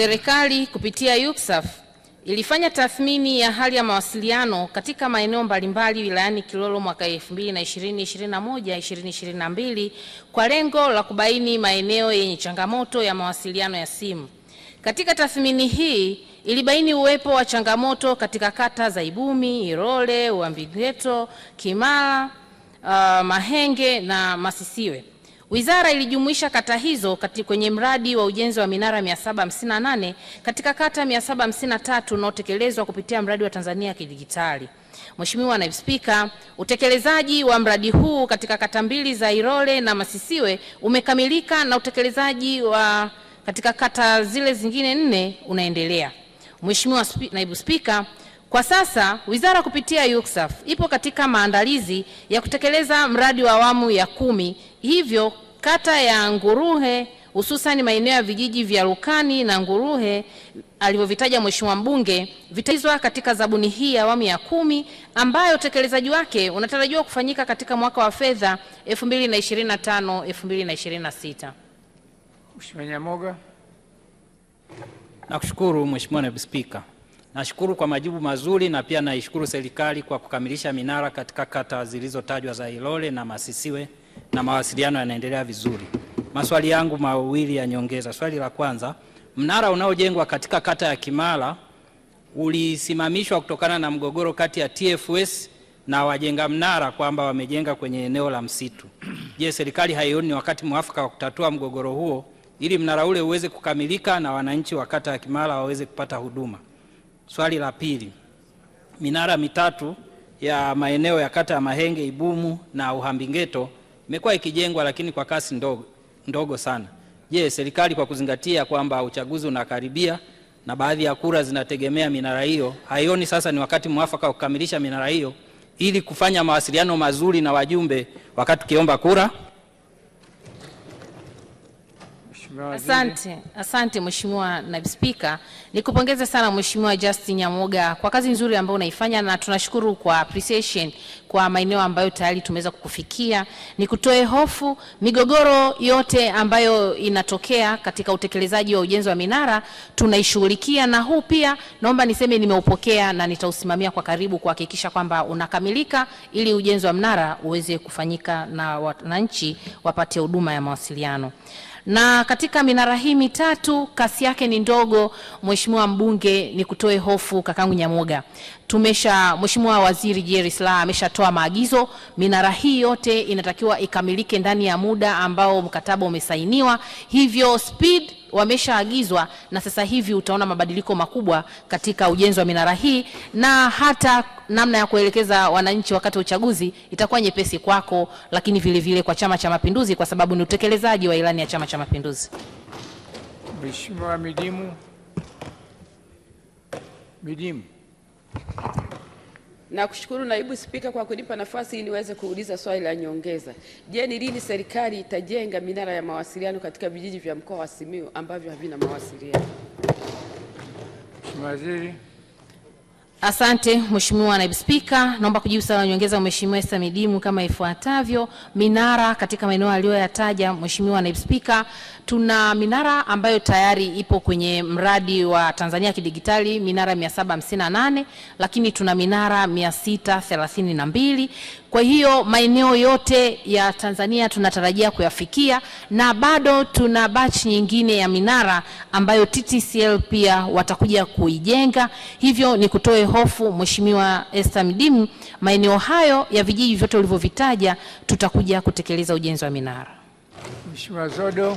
Serikali kupitia UPSAF ilifanya tathmini ya hali ya mawasiliano katika maeneo mbalimbali wilayani Kilolo mwaka 2020/2021, 2022 kwa lengo la kubaini maeneo yenye changamoto ya mawasiliano ya simu. Katika tathmini hii ilibaini uwepo wa changamoto katika kata za Ibumi, Irole, Uambigeto, Kimara, uh, Mahenge na Masisiwe. Wizara ilijumuisha kata hizo kwenye mradi wa ujenzi wa minara 758 katika kata 753 unaotekelezwa kupitia mradi wa Tanzania ya Kidijitali. Mheshimiwa Naibu Spika, utekelezaji wa mradi huu katika kata mbili za Irole na Masisiwe umekamilika na utekelezaji wa katika kata zile zingine nne unaendelea. Mheshimiwa Naibu Spika, kwa sasa wizara kupitia UCSAF ipo katika maandalizi ya kutekeleza mradi wa awamu ya kumi Hivyo kata ya Nguruhe hususan maeneo ya vijiji vya rukani na Nguruhe alivyovitaja Mheshimiwa mbunge vitaizwa katika zabuni hii ya awamu ya kumi ambayo utekelezaji wake unatarajiwa kufanyika katika mwaka wa fedha 2025 2026. Mheshimiwa Nyamoga. Nakushukuru Mheshimiwa Naibu Spika. Nashukuru kwa majibu mazuri na pia naishukuru serikali kwa kukamilisha minara katika kata zilizotajwa za Ilole na Masisiwe na mawasiliano yanaendelea vizuri. Maswali yangu mawili ya nyongeza. Swali la kwanza, mnara unaojengwa katika kata ya Kimara ulisimamishwa kutokana na mgogoro kati ya TFS na wajenga mnara kwamba wamejenga kwenye eneo la msitu. Je, serikali haioni ni wakati mwafaka wa kutatua mgogoro huo ili mnara ule uweze kukamilika na wananchi wa kata ya Kimara waweze kupata huduma? Swali la pili, minara mitatu ya maeneo ya kata ya Mahenge, Ibumu na Uhambingeto imekuwa ikijengwa lakini kwa kasi ndogo, ndogo sana. Je, serikali kwa kuzingatia kwamba uchaguzi unakaribia na baadhi ya kura zinategemea minara hiyo, haioni sasa ni wakati mwafaka wa kukamilisha minara hiyo ili kufanya mawasiliano mazuri na wajumbe wakati ukiomba kura? Mheshimiwa Asante, asante Mheshimiwa Naibu Spika, nikupongeze sana Mheshimiwa Justin Nyamoga kwa kazi nzuri ambayo unaifanya na tunashukuru kwa appreciation kwa maeneo ambayo tayari tumeweza kukufikia. Nikutoe hofu, migogoro yote ambayo inatokea katika utekelezaji wa ujenzi wa minara tunaishughulikia, na huu pia naomba niseme nimeupokea na nitausimamia kwa karibu kuhakikisha kwamba unakamilika ili ujenzi wa mnara uweze kufanyika na wananchi wapate huduma ya mawasiliano na katika minara hii mitatu kasi yake ni ndogo. Mheshimiwa mbunge, ni kutoe hofu kakangu Nyamoga, tumesha Mheshimiwa Waziri Jerry Silaa ameshatoa maagizo, minara hii yote inatakiwa ikamilike ndani ya muda ambao mkataba umesainiwa, hivyo speed wameshaagizwa na sasa hivi utaona mabadiliko makubwa katika ujenzi wa minara hii, na hata namna ya kuelekeza wananchi wakati wa uchaguzi itakuwa nyepesi kwako, lakini vile vile kwa Chama cha Mapinduzi, kwa sababu ni utekelezaji wa ilani ya Chama cha Mapinduzi. Mheshimiwa Midimu. Midimu. Nakushukuru naibu Spika kwa kunipa nafasi ili niweze kuuliza swali la nyongeza. Je, ni lini serikali itajenga minara ya mawasiliano katika vijiji vya mkoa wa Simiyu ambavyo havina mawasiliano? Mheshimiwa Waziri. Asante Mheshimiwa Naibu Spika, naomba kujibu swali la nyongeza Mheshimiwa Esther Midimu kama ifuatavyo. Minara katika maeneo aliyoyataja Mheshimiwa Naibu Spika, tuna minara ambayo tayari ipo kwenye mradi wa Tanzania ya Kidigitali minara 758 lakini tuna minara 632 kwa hiyo maeneo yote ya Tanzania tunatarajia kuyafikia, na bado tuna batch nyingine ya minara ambayo TTCL pia watakuja kuijenga. Hivyo ni kutoe hofu, Mheshimiwa Esther Mdimu, maeneo hayo ya vijiji vyote ulivyovitaja tutakuja kutekeleza ujenzi wa minara. Mheshimiwa Zodo.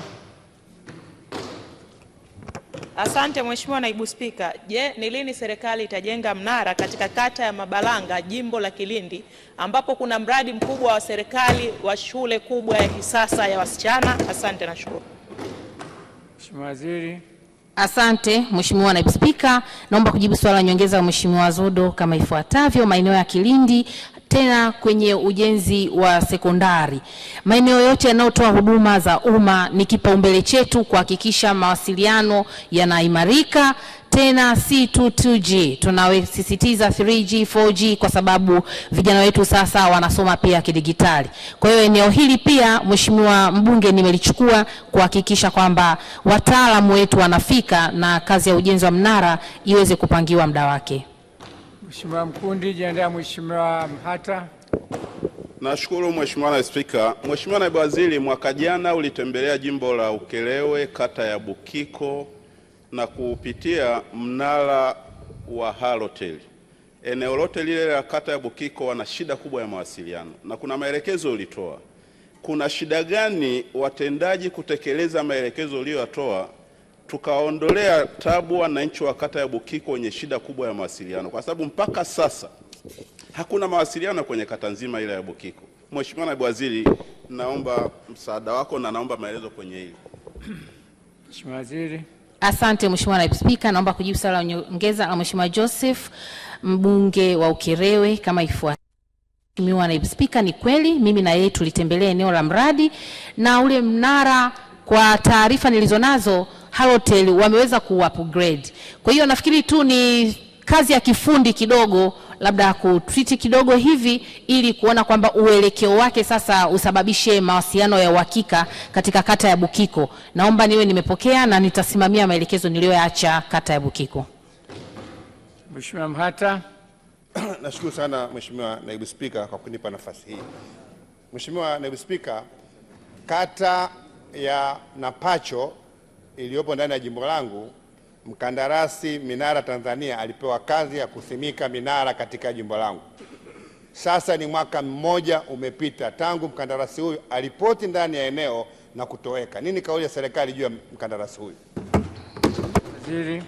Asante Mheshimiwa Naibu Spika. Je, ni lini serikali itajenga mnara katika kata ya Mabalanga, jimbo la Kilindi, ambapo kuna mradi mkubwa wa serikali wa shule kubwa ya kisasa ya wasichana? Asante na shukuru. Mheshimiwa Waziri. Asante Mheshimiwa Naibu Spika, naomba kujibu swala la nyongeza wa Mheshimiwa Zodo kama ifuatavyo. Maeneo ya Kilindi tena kwenye ujenzi wa sekondari. Maeneo yote yanayotoa huduma za umma ni kipaumbele chetu kuhakikisha mawasiliano yanaimarika tena si tu 2G, tunawesisitiza 3G, 4G kwa sababu vijana wetu sasa wanasoma pia kidigitali. Kwa hiyo eneo hili pia, Mheshimiwa Mbunge, nimelichukua kuhakikisha kwamba wataalamu wetu wanafika na kazi ya ujenzi wa mnara iweze kupangiwa muda wake. Mheshimiwa Mkundi, jiandae Mheshimiwa Mhata. Nashukuru Mheshimiwa Naibu Spika. Mheshimiwa Naibu Waziri, mwaka jana ulitembelea jimbo la Ukerewe kata ya Bukiko na kupitia mnara wa Halotel. Eneo lote lile la kata ya Bukiko wana shida kubwa ya mawasiliano na kuna maelekezo ulitoa. Kuna shida gani watendaji kutekeleza maelekezo uliyoyatoa tukaondolea tabu wananchi wa kata ya Bukiko wenye shida kubwa ya mawasiliano, kwa sababu mpaka sasa hakuna mawasiliano kwenye kata nzima ile ya Bukiko. Mheshimiwa Naibu Waziri, naomba msaada wako na naomba maelezo kwenye hili. Mheshimiwa Waziri. Asante Mheshimiwa Naibu Spika, naomba kujibu swali la nyongeza la Mheshimiwa Joseph mbunge wa Ukerewe kama ifuatavyo. Mheshimiwa Naibu Spika, ni kweli mimi na yeye tulitembelea eneo la mradi na ule mnara, kwa taarifa nilizonazo Halotel wameweza ku upgrade. Kwa hiyo nafikiri tu ni kazi ya kifundi kidogo labda kutwiti kidogo hivi ili kuona kwamba uelekeo wake sasa usababishe mawasiliano ya uhakika katika kata ya Bukiko. Naomba niwe nimepokea na nitasimamia maelekezo niliyoyaacha kata ya Bukiko. Mheshimiwa Mhata. Nashukuru sana Mheshimiwa Naibu Spika kwa kunipa nafasi hii. Mheshimiwa Naibu Spika, kata ya Napacho iliyopo ndani ya jimbo langu, mkandarasi Minara Tanzania alipewa kazi ya kusimika minara katika jimbo langu. Sasa ni mwaka mmoja umepita tangu mkandarasi huyu alipoti ndani ya eneo na kutoweka. Nini kauli ya serikali juu ya mkandarasi huyu? Waziri.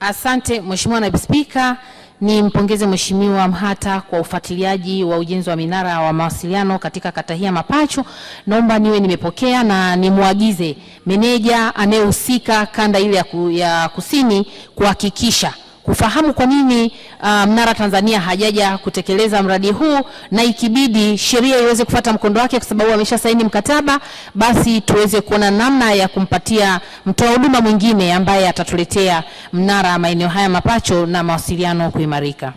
Asante Mheshimiwa Naibu Spika ni mpongeze Mheshimiwa Mhata kwa ufuatiliaji wa ujenzi wa minara wa mawasiliano katika kata hii ya Mapacho. Naomba niwe nimepokea na nimwagize meneja anayehusika kanda ile ya kusini kuhakikisha kufahamu kwa nini uh, Mnara Tanzania hajaja kutekeleza mradi huu na ikibidi sheria iweze kufata mkondo wake, kwa sababu amesha saini mkataba, basi tuweze kuona namna ya kumpatia mtoa huduma mwingine ambaye atatuletea mnara maeneo haya mapacho na mawasiliano kuimarika.